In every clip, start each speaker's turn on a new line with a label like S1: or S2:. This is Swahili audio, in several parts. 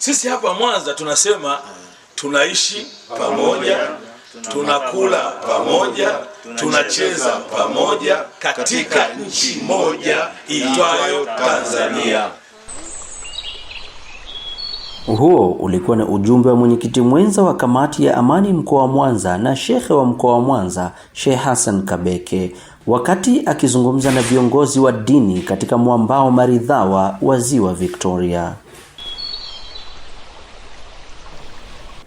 S1: Sisi hapa Mwanza tunasema tunaishi pamoja, tunakula pamoja, tunacheza pamoja katika nchi moja iitwayo Tanzania.
S2: Huo ulikuwa ni ujumbe wa mwenyekiti mwenza wa kamati ya amani mkoa wa Mwanza na shekhe wa mkoa wa Mwanza Sheikh Hassan Kabeke wakati akizungumza na viongozi wa dini katika mwambao maridhawa wa Ziwa Victoria.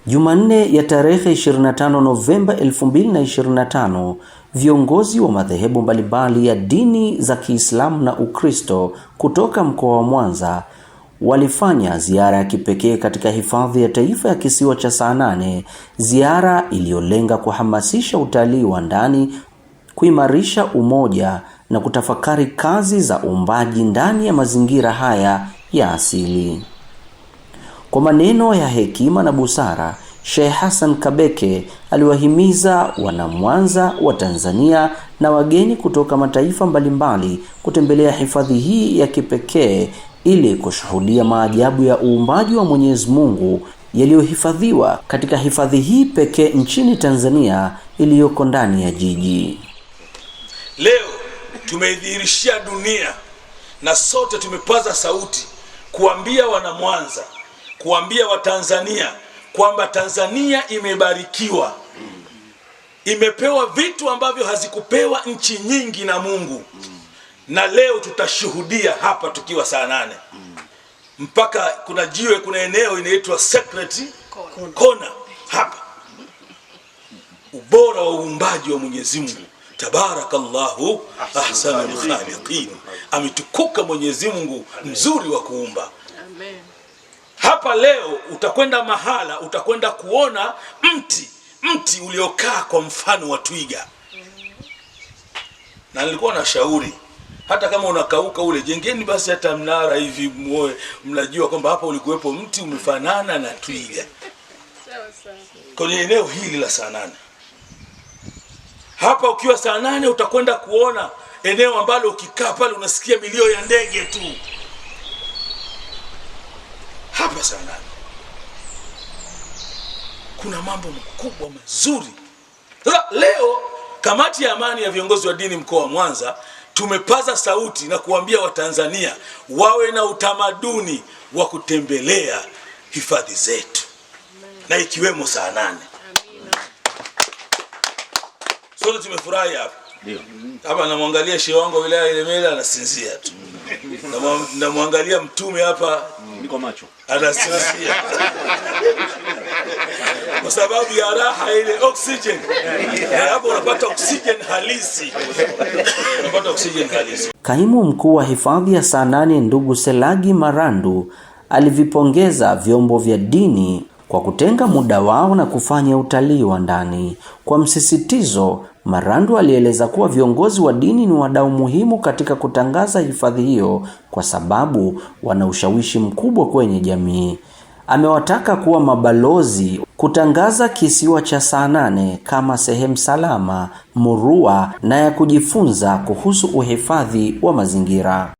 S2: Jumanne ya tarehe 25 Novemba 2025, viongozi wa madhehebu mbalimbali ya dini za Kiislamu na Ukristo kutoka mkoa wa Mwanza walifanya ziara ya kipekee katika hifadhi ya taifa ya kisiwa cha Saanane, ziara iliyolenga kuhamasisha utalii wa ndani, kuimarisha umoja na kutafakari kazi za uumbaji ndani ya mazingira haya ya asili. Kwa maneno ya hekima na busara, Sheikh Hassan Kabeke aliwahimiza wanamwanza wa Tanzania na wageni kutoka mataifa mbalimbali kutembelea hifadhi hii ya kipekee ili kushuhudia maajabu ya uumbaji wa Mwenyezi Mungu yaliyohifadhiwa katika hifadhi hii pekee nchini Tanzania iliyoko ndani ya jiji.
S3: Leo tumeidhihirishia dunia na sote tumepaza sauti kuambia wanamwanza kuambia Watanzania kwamba Tanzania imebarikiwa, imepewa vitu ambavyo hazikupewa nchi nyingi na Mungu, na leo tutashuhudia hapa tukiwa saa nane mpaka kuna jiwe, kuna eneo inaitwa Secret kona hapa, ubora wa uumbaji wa Mwenyezi Mungu Tabarakallahu ahsanul khaliqin, ametukuka Mwenyezi Mungu mzuri wa kuumba Amen. Hapa leo utakwenda mahala, utakwenda kuona mti mti uliokaa kwa mfano wa twiga, na nilikuwa na shauri hata kama unakauka ule, jengeni basi hata mnara hivi, mwoe, mnajua kwamba hapa ulikuwepo mti umefanana na twiga kwenye eneo hili la saa nane. Hapa ukiwa saa nane utakwenda kuona eneo ambalo ukikaa pale unasikia milio ya ndege tu pesa Kuna mambo makubwa mazuri. Sasa leo kamati ya amani ya viongozi wa dini mkoa wa Mwanza tumepaza sauti na kuambia Watanzania wawe na utamaduni wa kutembelea hifadhi zetu na ikiwemo saa nane. Sote tumefurahi hapa hapa, namwangalia shehe wangu wa wilaya Ilemela anasinzia tu, namwangalia mtume hapa niko macho, anasinzia kwa sababu ya raha ile oxygen. hapo unapata oxygen halisi,
S2: unapata oxygen halisi. Kaimu mkuu wa hifadhi ya Saanane ndugu Selagi Marandu alivipongeza vyombo vya dini kwa kutenga muda wao na kufanya utalii wa ndani. Kwa msisitizo, Marandu alieleza kuwa viongozi wa dini ni wadau muhimu katika kutangaza hifadhi hiyo kwa sababu wana ushawishi mkubwa kwenye jamii. Amewataka kuwa mabalozi kutangaza kisiwa cha Saa Nane kama sehemu salama, murua na ya kujifunza kuhusu uhifadhi wa mazingira.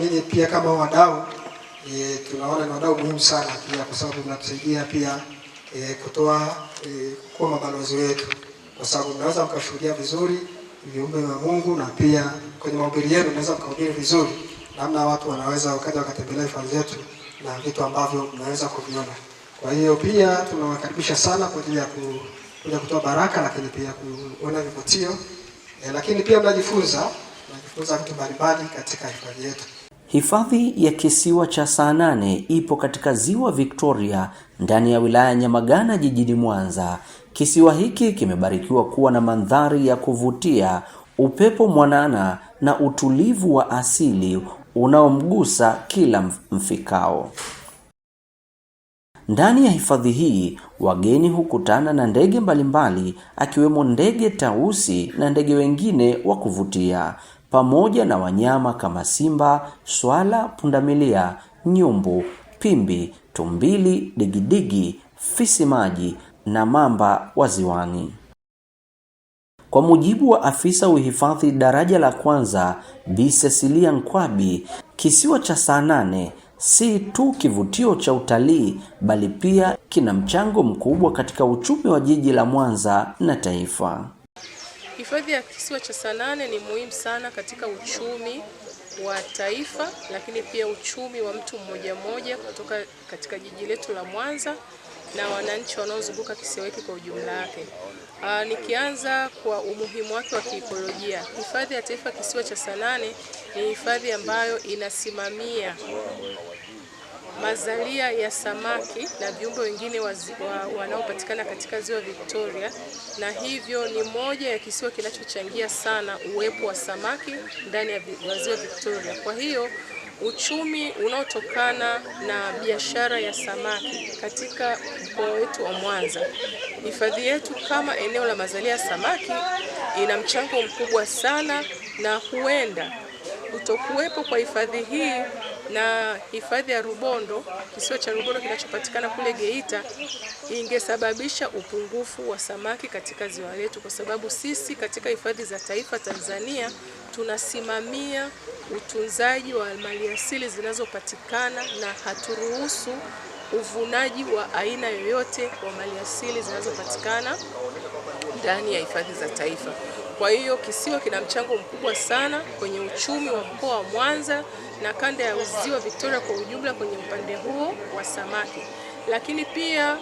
S4: Nyinyi pia kama wadau e, tunaona ni wadau muhimu sana pia kwa sababu mnatusaidia pia e, kutoa e, kuwa mabalozi wetu, kwa sababu mnaweza mkashuhudia vizuri viumbe wa Mungu na pia kwenye mahubiri yenu mnaweza mkahubiri vizuri namna watu wanaweza wakaja wakatembelea hifadhi zetu na vitu ambavyo mnaweza kuviona. Kwa hiyo pia tunawakaribisha sana kwa ajili ya kuja kutoa baraka, lakini pia kuona vivutio e, lakini pia mnajifunza mnajifunza vitu mbalimbali katika hifadhi yetu.
S2: Hifadhi ya kisiwa cha saa ipo katika ziwa Victoria ndani ya wilaya Nyamagana jijini Mwanza. Kisiwa hiki kimebarikiwa kuwa na mandhari ya kuvutia, upepo mwanana na utulivu wa asili unaomgusa kila mfikao. Ndani ya hifadhi hii wageni hukutana na ndege mbalimbali akiwemo ndege tausi na ndege wengine wa kuvutia pamoja na wanyama kama simba, swala, pundamilia, nyumbu, pimbi, tumbili, digidigi, fisi maji na mamba waziwani Kwa mujibu wa afisa uhifadhi daraja la kwanza Bi Cecilia Nkwabi, kisiwa cha saa nane si tu kivutio cha utalii bali pia kina mchango mkubwa katika uchumi wa jiji la Mwanza na taifa.
S5: Hifadhi ya kisiwa cha Saanane ni muhimu sana katika uchumi wa taifa, lakini pia uchumi wa mtu mmoja mmoja kutoka katika jiji letu la Mwanza na wananchi wanaozunguka kisiwa hiki kwa ujumla wake. Aa, ah, nikianza kwa umuhimu wake wa kiikolojia, hifadhi ya taifa kisiwa cha Saanane ni hifadhi ambayo inasimamia mazalia ya samaki na viumbe wengine wa, wanaopatikana katika ziwa Victoria, na hivyo ni moja ya kisiwa kinachochangia sana uwepo wa samaki ndani ya ziwa Victoria. Kwa hiyo uchumi unaotokana na biashara ya samaki katika mkoa wetu wa Mwanza, hifadhi yetu kama eneo la mazalia ya samaki ina mchango mkubwa sana, na huenda kutokuwepo kwa hifadhi hii na hifadhi ya Rubondo, kisiwa cha Rubondo kinachopatikana kule Geita, ingesababisha upungufu wa samaki katika ziwa letu, kwa sababu sisi katika hifadhi za taifa Tanzania tunasimamia utunzaji wa maliasili zinazopatikana na haturuhusu uvunaji wa aina yoyote wa maliasili zinazopatikana ndani ya hifadhi za taifa. Kwa hiyo kisiwa kina mchango mkubwa sana kwenye uchumi wa mkoa wa Mwanza na kanda ya uziwa Victoria kwa ujumla kwenye upande huo wa samaki. Lakini pia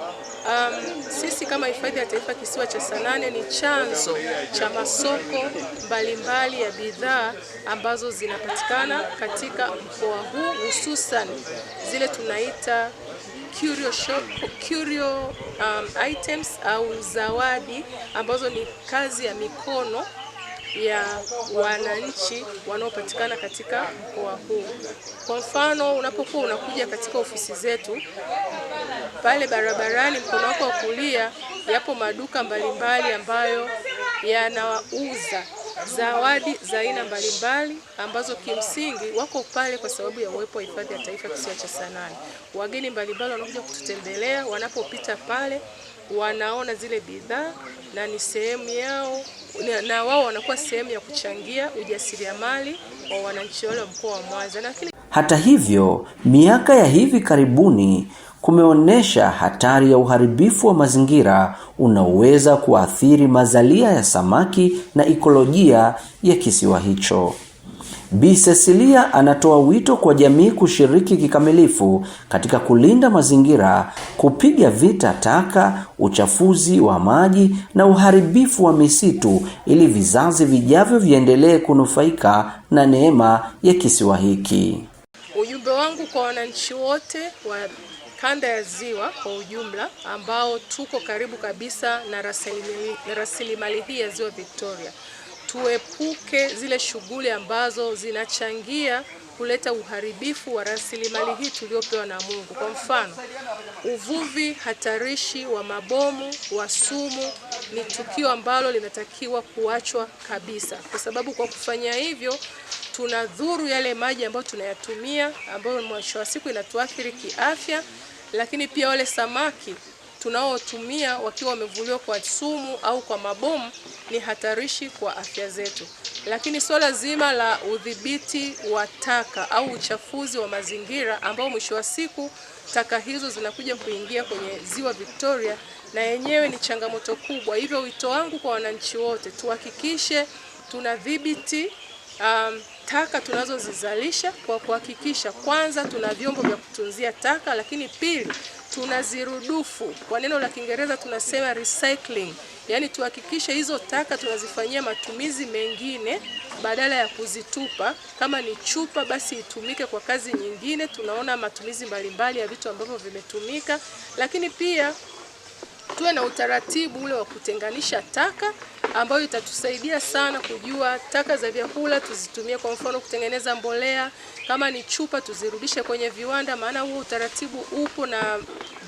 S5: um, sisi kama hifadhi ya taifa kisiwa cha Sanane ni chanzo cha masoko mbalimbali mbali ya bidhaa ambazo zinapatikana katika mkoa huu, hususan zile tunaita curio shop, curio um, items au zawadi ambazo ni kazi ya mikono ya wananchi wanaopatikana katika mkoa huu. Kwa mfano, unapokuwa unakuja katika ofisi zetu pale barabarani, mkono wako wa kulia, yapo maduka mbalimbali ambayo yanauza zawadi za aina mbalimbali ambazo kimsingi wako pale kwa sababu ya uwepo wa hifadhi ya taifa kisiwa cha Saanane. Wageni mbalimbali wanakuja kututembelea, wanapopita pale wanaona zile bidhaa na ni sehemu yao na wao wanakuwa sehemu ya kuchangia ujasiriamali wa wananchi wale wa mkoa wa Mwanza. Lakini
S2: hata hivyo, miaka ya hivi karibuni kumeonyesha hatari ya uharibifu wa mazingira unaoweza kuathiri mazalia ya samaki na ikolojia ya kisiwa hicho. Bi Cecilia anatoa wito kwa jamii kushiriki kikamilifu katika kulinda mazingira, kupiga vita taka, uchafuzi wa maji na uharibifu wa misitu ili vizazi vijavyo viendelee kunufaika na neema ya kisiwa hiki.
S5: Ujumbe wangu kwa wananchi wote wa kanda ya ziwa kwa ujumla ambao tuko karibu kabisa na rasilimali hii ya Ziwa Victoria tuepuke zile shughuli ambazo zinachangia kuleta uharibifu wa rasilimali hii tuliopewa na Mungu. Kwa mfano, uvuvi hatarishi wa mabomu wa sumu ni tukio ambalo linatakiwa kuachwa kabisa, kwa sababu kwa kufanya hivyo tunadhuru yale maji ambayo tunayatumia, ambayo mwisho wa siku inatuathiri kiafya, lakini pia wale samaki tunaotumia wakiwa wamevuliwa kwa sumu au kwa mabomu ni hatarishi kwa afya zetu. Lakini suala zima la udhibiti wa taka au uchafuzi wa mazingira ambao mwisho wa siku taka hizo zinakuja kuingia kwenye ziwa Victoria na yenyewe ni changamoto kubwa. Hivyo wito wangu kwa wananchi wote, tuhakikishe tunadhibiti um, taka tunazozizalisha kwa kuhakikisha kwanza tuna vyombo vya kutunzia taka, lakini pili tunazirudufu. Kwa neno la Kiingereza tunasema recycling, yaani tuhakikishe hizo taka tunazifanyia matumizi mengine badala ya kuzitupa. Kama ni chupa, basi itumike kwa kazi nyingine. Tunaona matumizi mbalimbali ya vitu ambavyo vimetumika, lakini pia tuwe na utaratibu ule wa kutenganisha taka ambayo itatusaidia sana kujua taka za vyakula tuzitumie, kwa mfano kutengeneza mbolea. Kama ni chupa tuzirudishe kwenye viwanda, maana huo utaratibu upo na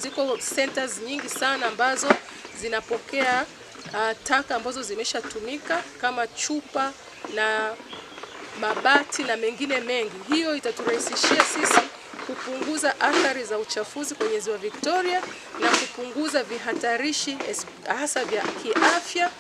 S5: ziko centers nyingi sana ambazo zinapokea uh, taka ambazo zimeshatumika kama chupa na mabati na mengine mengi. Hiyo itaturahisishia sisi kupunguza athari za uchafuzi kwenye ziwa Victoria na kupunguza vihatarishi hasa vya kiafya,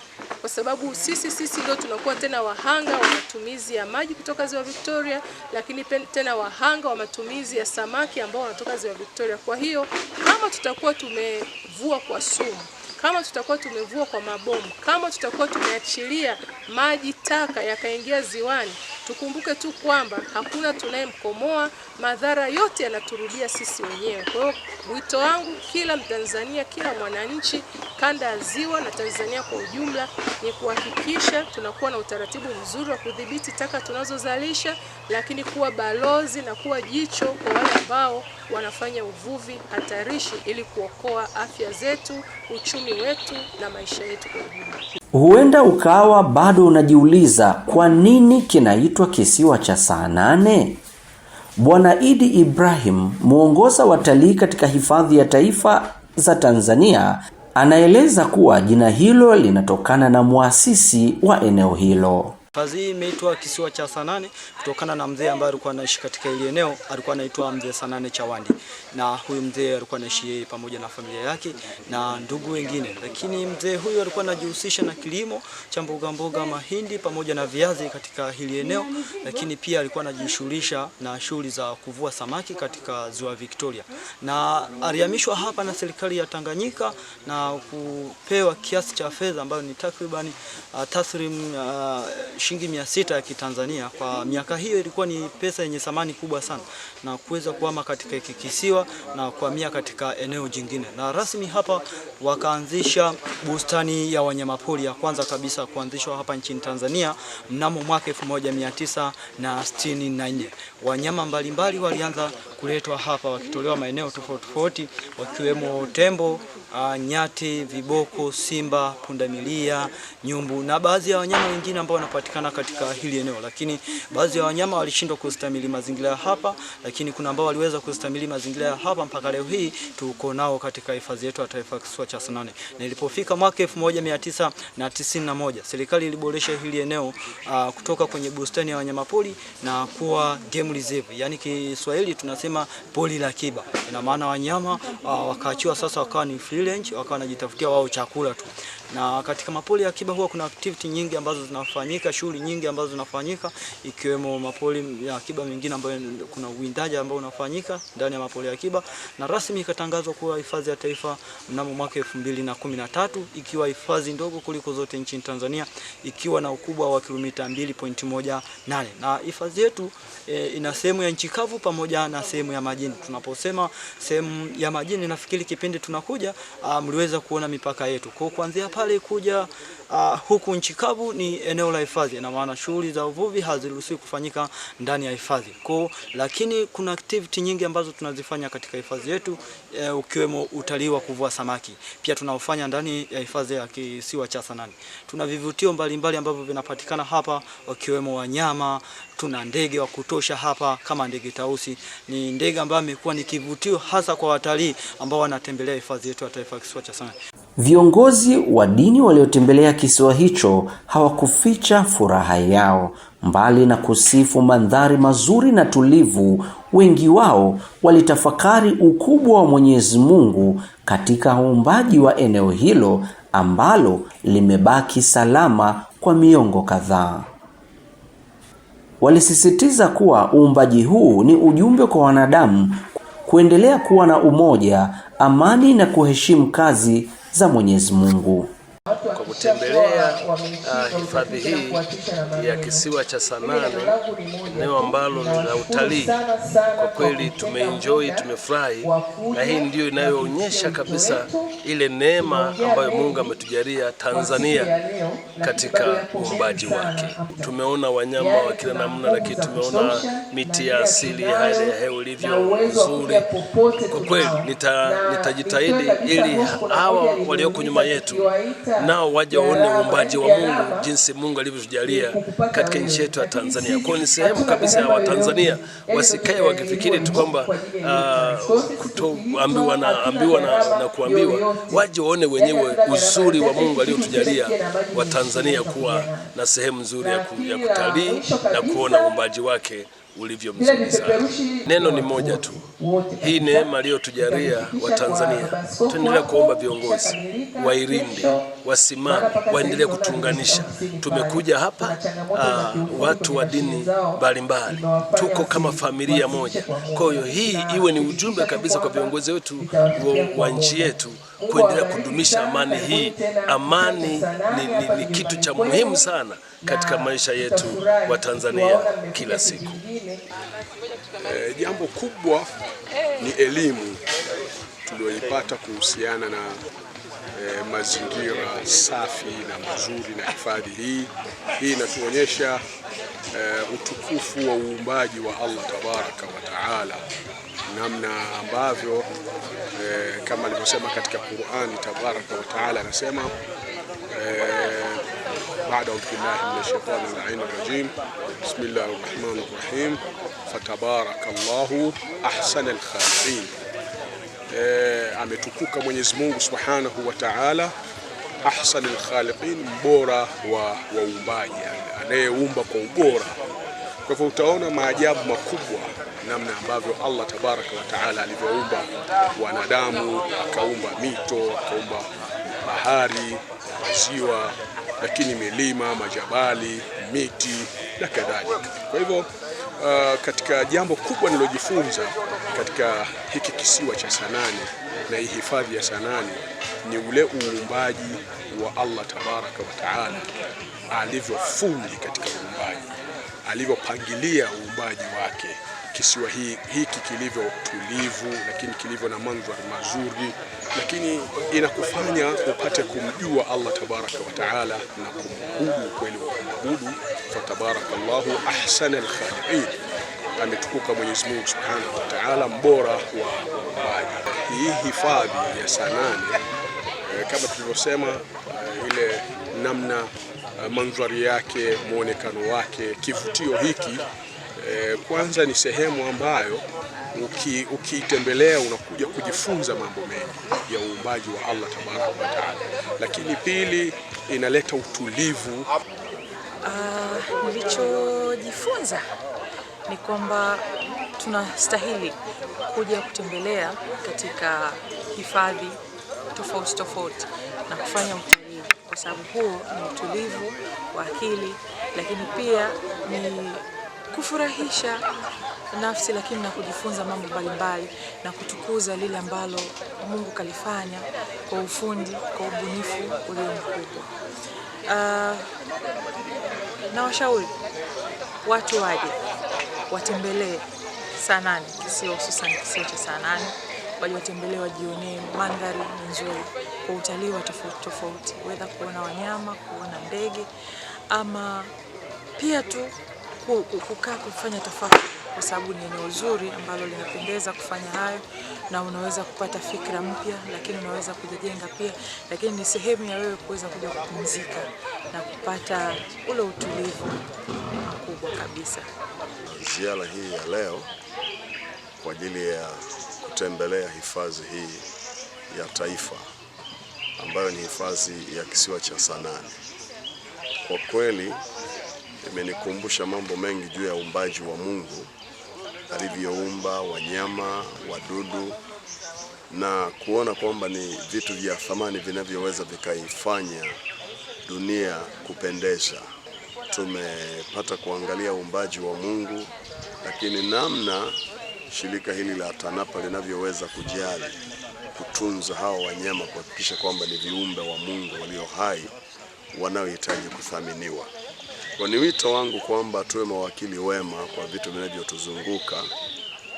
S5: kwa sababu sisi sisi ndio tunakuwa tena wahanga wa matumizi ya maji kutoka ziwa Victoria, lakini tena wahanga wa matumizi ya samaki ambao wanatoka ziwa Victoria. Kwa hiyo kama tutakuwa tumevua kwa sumu kama tutakuwa tumevua kwa mabomu, kama tutakuwa tumeachilia maji taka yakaingia ziwani, Tukumbuke tu kwamba hakuna tunayemkomoa, madhara yote yanaturudia sisi wenyewe. Kwa hiyo wito wangu kila Mtanzania, kila mwananchi kanda ya Ziwa na Tanzania kwa ujumla ni kuhakikisha tunakuwa na utaratibu mzuri wa kudhibiti taka tunazozalisha, lakini kuwa balozi na kuwa jicho kwa wale ambao wanafanya uvuvi hatarishi ili kuokoa afya zetu, uchumi wetu na maisha yetu kwa
S2: ujumla. Huenda ukawa bado unajiuliza kwa nini kinaitwa kisiwa cha saa nane? Bwana Idi Ibrahim, mwongoza watalii katika hifadhi ya taifa za Tanzania, anaeleza kuwa jina hilo linatokana na muasisi wa eneo hilo.
S6: Kazi hii imeitwa kisiwa cha Sanane kutokana na mzee ambaye alikuwa anaishi katika ile eneo, alikuwa anaitwa mzee Sanane Chawandi, na huyu mzee alikuwa anaishi yeye pamoja na familia yake na ndugu wengine, lakini mzee huyu alikuwa anajihusisha na kilimo cha mboga mboga, mahindi pamoja na viazi katika hili eneo, lakini pia alikuwa anajishughulisha na shughuli za kuvua samaki katika ziwa Victoria, na alihamishwa hapa na serikali ya Tanganyika na kupewa kiasi cha fedha ambayo ni takribani uh, taslim uh, shilingi mia sita ya Kitanzania. Kwa miaka hiyo ilikuwa ni pesa yenye thamani kubwa sana, na kuweza kuhama katika kisiwa na kuhamia katika eneo jingine, na rasmi hapa wakaanzisha bustani ya wanyamapori ya kwanza kabisa kuanzishwa hapa nchini Tanzania mnamo mwaka 1964. Wanyama mbalimbali walianza kuletwa hapa wakitolewa maeneo tofauti tofauti, wakiwemo tembo uh, nyati, viboko, simba, pundamilia, nyumbu na baadhi ya wanyama wengine ambao wanapatikana katika hili eneo, lakini baadhi ya wanyama walishindwa kustamili mazingira ya hapa, lakini kuna ambao waliweza kustamili mazingira ya hapa mpaka leo hii tuko nao katika hifadhi yetu ya taifa kisiwa cha Sanane. Na ilipofika mwaka 1991 serikali iliboresha hili eneo uh, kutoka kwenye bustani ya wanyamapori na kuwa game reserve, yani Kiswahili tunasema pori la akiba, ina maana wanyama uh, wakaachiwa sasa wakawa ni free village, wakawa wanajitafutia wao chakula tu, na katika mapoli ya akiba huwa kuna activity nyingi ambazo zinafanyika, shughuli nyingi ambazo zinafanyika ikiwemo mapoli ya akiba mengine ambayo kuna uwindaji ambao unafanyika ndani ya mapoli ya akiba, na rasmi ikatangazwa kuwa hifadhi ya taifa mnamo mwaka tatu ikiwa hifadhi ndogo kuliko zote nchini Tanzania ikiwa na ukubwa wa kilomita 2.18 na hifadhi yetu e, ina sehemu ya nchi kavu pamoja na sehemu ya majini. Tunaposema sehemu ya majini, nafikiri kipindi tunakuja ah, mliweza kuona mipaka yetu kwa kuanzia pale kuja uh, huku nchi kavu ni eneo la hifadhi, na maana shughuli za uvuvi haziruhusiwi kufanyika ndani ya hifadhi kwa, lakini kuna activity nyingi ambazo tunazifanya katika hifadhi yetu uh, ukiwemo utalii wa kuvua samaki pia tunaofanya ndani ya hifadhi ya kisiwa cha Sanani. Tuna vivutio mbalimbali ambavyo vinapatikana hapa wakiwemo wanyama, tuna ndege wa kutosha hapa kama ndege tausi. Ni ndege ambayo imekuwa ni kivutio hasa kwa watalii ambao wanatembelea hifadhi yetu ya taifa ya kisiwa cha Sanani.
S2: Viongozi wa dini waliotembelea kisiwa hicho hawakuficha furaha yao. Mbali na kusifu mandhari mazuri na tulivu, wengi wao walitafakari ukubwa wa Mwenyezi Mungu katika uumbaji wa eneo hilo ambalo limebaki salama kwa miongo kadhaa. Walisisitiza kuwa uumbaji huu ni ujumbe kwa wanadamu kuendelea kuwa na umoja, amani na kuheshimu kazi za Mwenyezi Mungu
S3: kutembelea ah, hifadhi hii ya kisiwa cha Saanane, eneo ambalo ni la utalii. Kwa kweli tumeenjoy, tumefurahi, na hii ndiyo inayoonyesha kabisa ile neema ambayo Mungu ametujalia Tanzania katika uumbaji wake. Tumeona wanyama wa kila namna, lakini tumeona miti ya asili, hali ya hewa ilivyo nzuri. Kwa kweli nitajitahidi nita ili hawa walioko nyuma yetu nao waje waone uumbaji wa Mungu, jinsi Mungu alivyotujalia katika nchi yetu ya Tanzania. Kwa ni sehemu kabisa ya Watanzania wasikae wakifikiri tu kwamba uh, kutoambiwa na ambiwa na, na kuambiwa, waje waone wenyewe uzuri wa Mungu aliyotujalia Watanzania kuwa na sehemu nzuri ya, ku, ya kutalii na kuona uumbaji wake ulivyo mzuri sana. Neno ni moja tu. Hii neema aliyotujalia Watanzania, tuendelea kuomba viongozi wailinde, wasimame, waendelee kutuunganisha. Tumekuja hapa aa, ah, watu wa dini mbalimbali, tuko kama familia moja. Kwa hiyo hii iwe ni ujumbe kabisa kwa viongozi wetu wa nchi yetu kuendelea kudumisha amani hii. Amani ni, ni, ni kitu cha muhimu sana katika maisha yetu wa Tanzania kila siku. E, jambo kubwa ni elimu tuliyoipata kuhusiana na e, mazingira safi na mazuri na hifadhi hii. Hii inatuonyesha e, utukufu wa uumbaji wa Allah tabaraka wa taala, namna ambavyo e, kama alivyosema katika Qur'ani tabaraka wa taala anasema e, baada audhu billahi minash shaitani rajim bismillahir rahmani rahim fatabarakallahu ahsana alkhaliqin. E, ametukuka Mwenyezi Mungu subhanahu wa taala, ahsana alkhaliqin, mbora wa waumbaji, anayeumba kwa ubora. Kwa hivyo utaona maajabu makubwa namna ambavyo Allah tabaraka wa taala alivyoumba wanadamu, akaumba mito, akaumba bahari, maziwa, lakini milima, majabali, miti na kadhalika. Kwa hivyo uh, katika jambo kubwa nilojifunza katika hiki kisiwa cha Sanani na hii hifadhi ya Sanani ni ule uumbaji wa Allah tabaraka wa taala, alivyofundi katika uumbaji, alivyopangilia uumbaji wake kisiwa hiki kilivyo tulivu, lakini kilivyo na mandhari mazuri, lakini inakufanya upate kumjua Allah tabaraka wa taala na kumwabudu kweli wa kumwabudu. Fa tabarakallahu ahsana al ametukuka Mwenyezi Mungu subhanahu wa taala, mbora wa waumbaji. Hii hifadhi ya Saanane eh, kama tulivyosema, eh, ile namna eh, mandhari yake, muonekano wake, kivutio hiki eh, kwanza ni sehemu ambayo ukiitembelea uki unakuja kujifunza mambo mengi ya uumbaji wa Allah tabaraka wa taala, lakini pili inaleta utulivu.
S7: Uh, nilichojifunza ni kwamba tunastahili kuja kutembelea katika hifadhi tofauti tofauti na kufanya utalii, kwa sababu huo ni utulivu wa akili, lakini pia ni kufurahisha nafsi, lakini na kujifunza mambo mbalimbali na kutukuza lile ambalo Mungu kalifanya kwa ufundi, kwa ubunifu ulio mkubwa. Uh, ah, na washauri watu waje watembelee Saanane, kisio hususan kisio cha Saanane waje watembelee, wajionee mandhari nzuri kwa utalii wa tofauti tofauti, whether kuona wanyama, kuona ndege ama pia tu kukaa kufanya tofauti, kwa sababu ni eneo zuri ambalo linapendeza kufanya hayo, na unaweza kupata fikra mpya, lakini unaweza kujijenga pia, lakini ni sehemu ya wewe kuweza kuja kupumzika na kupata ule utulivu mkubwa kabisa.
S8: Ziara hii ya leo kwa ajili ya kutembelea hifadhi hii ya taifa ambayo ni hifadhi ya kisiwa cha sanani kwa kweli imenikumbusha mambo mengi juu ya uumbaji wa Mungu alivyoumba wanyama, wadudu na kuona kwamba ni vitu vya thamani vinavyoweza vikaifanya dunia kupendeza. Tumepata kuangalia uumbaji wa Mungu, lakini namna shirika hili la TANAPA linavyoweza kujali kutunza hawa wanyama, kuhakikisha kwamba ni viumbe wa Mungu walio hai wanaohitaji kuthaminiwa. Kwa ni wito wangu kwamba tuwe mawakili wema kwa vitu vinavyotuzunguka.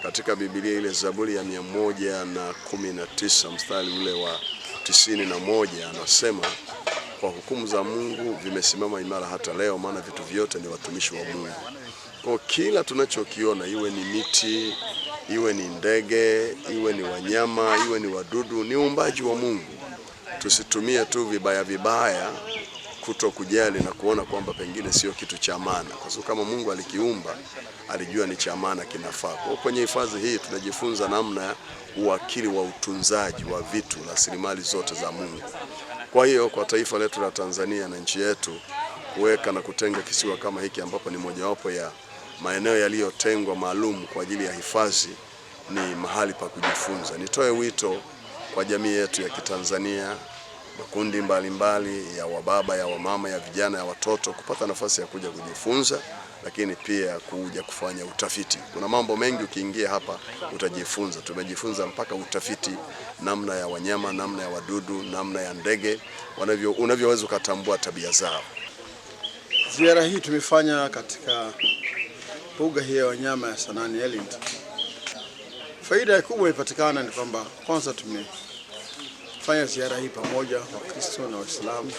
S8: Katika Biblia ile Zaburi ya mia moja na kumi na tisa mstari ule wa tisini na moja anasema kwa hukumu za Mungu vimesimama imara hata leo, maana vitu vyote ni watumishi wa Mungu. Kwa kila tunachokiona, iwe ni miti, iwe ni ndege, iwe ni wanyama, iwe ni wadudu, ni uumbaji wa Mungu. Tusitumie tu vibaya vibaya kuto kujali na kuona kwamba pengine sio kitu cha maana, kwa sababu kama Mungu alikiumba alijua ni cha maana, kinafaa. Kwa kwenye hifadhi hii tunajifunza namna ya uwakili wa utunzaji wa vitu rasilimali zote za Mungu. Kwa hiyo kwa taifa letu la Tanzania na nchi yetu kuweka na kutenga kisiwa kama hiki ambapo ni mojawapo ya maeneo yaliyotengwa maalum kwa ajili ya hifadhi ni mahali pa kujifunza. Nitoe wito kwa jamii yetu ya Kitanzania makundi mbalimbali mbali, ya wababa ya wamama ya vijana ya watoto kupata nafasi ya kuja kujifunza, lakini pia kuja kufanya utafiti. Kuna mambo mengi, ukiingia hapa utajifunza. Tumejifunza mpaka utafiti, namna ya wanyama, namna ya wadudu, namna ya ndege, unavyoweza ukatambua tabia zao.
S9: Ziara hii tumefanya katika mbuga hii ya wanyama ya Sanani Elint. Faida kubwa ipatikana ni kwamba kwanza tume Tumefanya ziara hii pamoja Wakristo na Waislamu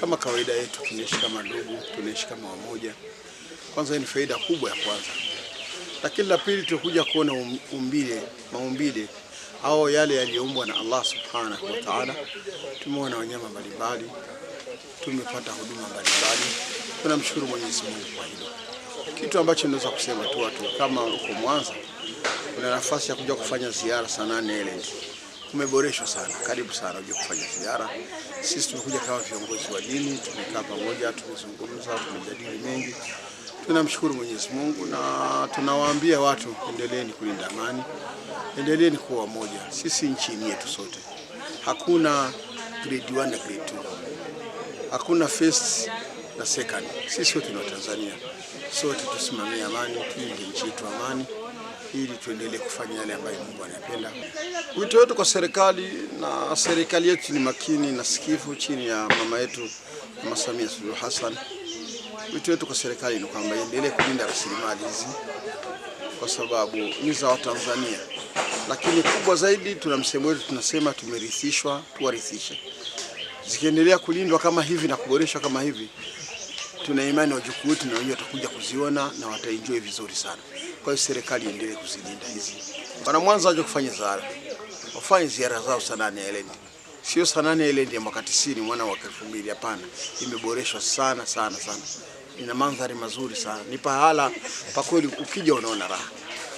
S9: kama kawaida yetu, tunaishi kama ndugu, tunaishi kama wamoja. Kwanza ni faida kubwa ya kwanza, lakini la pili tulikuja kuona um, umbile, maumbile au yale yaliyoumbwa na Allah subhanahu wa ta'ala. Tumeona wanyama mbalimbali, tumepata huduma mbalimbali. Tunamshukuru Mwenyezi Mungu kwa hilo. Kitu ambacho naweza kusema tu watu, kama uko Mwanza una nafasi ya kuja kufanya ziara Sanaa Island kumeboreshwa sana. Karibu sana uje kufanya ziara. Sisi tumekuja kama viongozi wa dini, tumekaa pamoja, tumezungumza, tumejadili mengi. Tunamshukuru Mwenyezi Mungu na tunawaambia watu, endeleeni kulinda amani, endeleeni kuwa moja Sisi nchi ni yetu sote, hakuna grade 1 na grade 2, hakuna first na second. Sisi wote ni Watanzania, sote tusimamie amani, tulinde nchi yetu amani ili tuendelee kufanya yale ambayo Mungu anapenda Wito wetu kwa serikali, na serikali yetu ni makini na sikivu chini ya mama yetu Mama Samia Suluhu Hassan. Wito wetu kwa serikali ni kwamba iendelee kulinda rasilimali hizi kwa sababu ni za Watanzania, lakini kubwa zaidi, tuna msemo wetu tunasema, tumerithishwa tuwarithishe. Zikiendelea kulindwa kama hivi na kuboreshwa kama hivi, tuna imani wajukuu wetu na wenyewe watakuja kuziona na wataenjoy vizuri sana. Kwa hiyo serikali endelee kuzilinda hizi. Wana Mwanza waje kufanya ziara, wafanye ziara zao Sanaa ya Island, sio Sanaa ya Island ya mwaka 90 mwana wa 2000. Hapana, imeboreshwa sana sana sana, ina mandhari mazuri sana, ni pahala pa kweli, ukija unaona raha.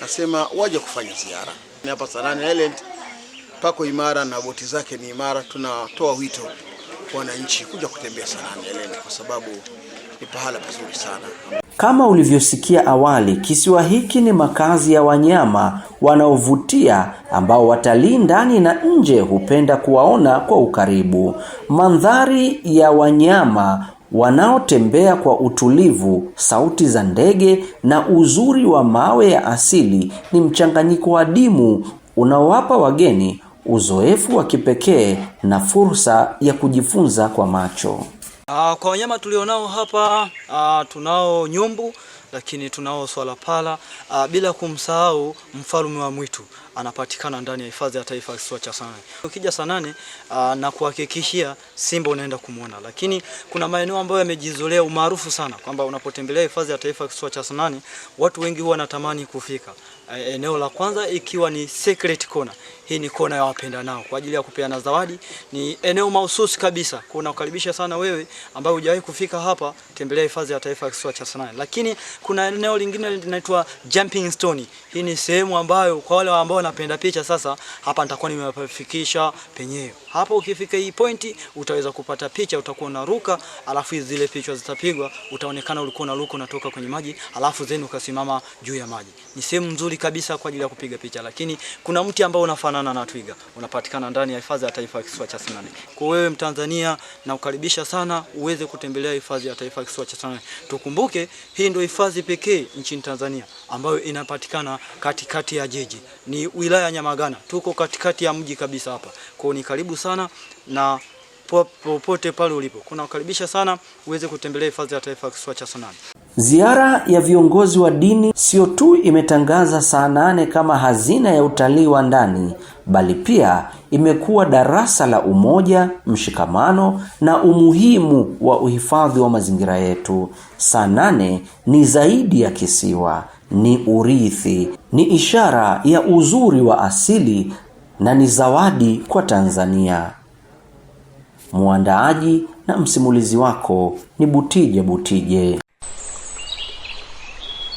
S9: Nasema waje kufanya ziara hapa Sanaa ya Island, pako imara na boti zake ni imara. Tunatoa wito wananchi kuja kutembea Sanaa ya Island kwa sababu ni pahala pazuri sana.
S2: Kama ulivyosikia awali, kisiwa hiki ni makazi ya wanyama wanaovutia ambao watalii ndani na nje hupenda kuwaona kwa ukaribu. Mandhari ya wanyama wanaotembea kwa utulivu, sauti za ndege na uzuri wa mawe ya asili ni mchanganyiko adimu unaowapa wageni uzoefu wa kipekee na fursa ya kujifunza kwa macho.
S10: Uh, kwa wanyama tulionao hapa uh, tunao nyumbu lakini tunao swala pala, ah, bila kumsahau mfalume wa mwitu anapatikana ndani ya hifadhi ya taifa ya kisiwa cha Sanane. Ukija Sanane ah, na kuhakikishia simba unaenda kumwona, lakini kuna maeneo ambayo yamejizolea umaarufu sana kwamba unapotembelea hifadhi ya taifa ya kisiwa cha Sanane watu wengi huwa wanatamani kufika. Eh, eneo la kwanza ikiwa ni Secret Corner. Hii ni kona ya wapenda nao kwa ajili ya kupeana zawadi. Ni eneo mahususi kabisa, kuna kukaribisha sana wewe ambaye hujawahi kufika hapa, tembelea hifadhi ya taifa ya kisiwa cha Sanane. Lakini kuna eneo lingine linaitwa Jumping Stone. Hii ni sehemu ambayo kwa wale ambao napenda picha, sasa hapa nitakuwa nimewafikisha penyewe. Hapo ukifika hii pointi utaweza kupata picha, utakuwa unaruka, alafu zile picha zitapigwa, utaonekana ulikuwa unaruka unatoka kwenye maji, alafu zeni ukasimama juu ya maji. Ni sehemu nzuri kabisa kwa ajili ya kupiga picha, lakini kuna mti ambao unafanana na twiga, unapatikana ndani ya hifadhi ya taifa ya kisiwa cha Sinane. Kwa wewe Mtanzania, naukaribisha sana uweze kutembelea hifadhi ya taifa ya kisiwa cha Sinane. Tukumbuke hii ndio hifadhi pekee nchini Tanzania ambayo inapatikana katikati ya jiji ni wilaya ya Nyamagana, tuko katikati ya mji kabisa hapa. Kwa ni karibu sana na popote pale ulipo, kunakaribisha sana uweze kutembelea hifadhi ya taifa ya kisiwa cha Sonali.
S2: Ziara ya viongozi wa dini sio tu imetangaza saa kama hazina ya utalii wa ndani, bali pia imekuwa darasa la umoja, mshikamano na umuhimu wa uhifadhi wa mazingira yetu. Saa ni zaidi ya kisiwa ni urithi, ni ishara ya uzuri wa asili na ni zawadi kwa Tanzania. Mwandaaji na msimulizi wako ni Butije Butije.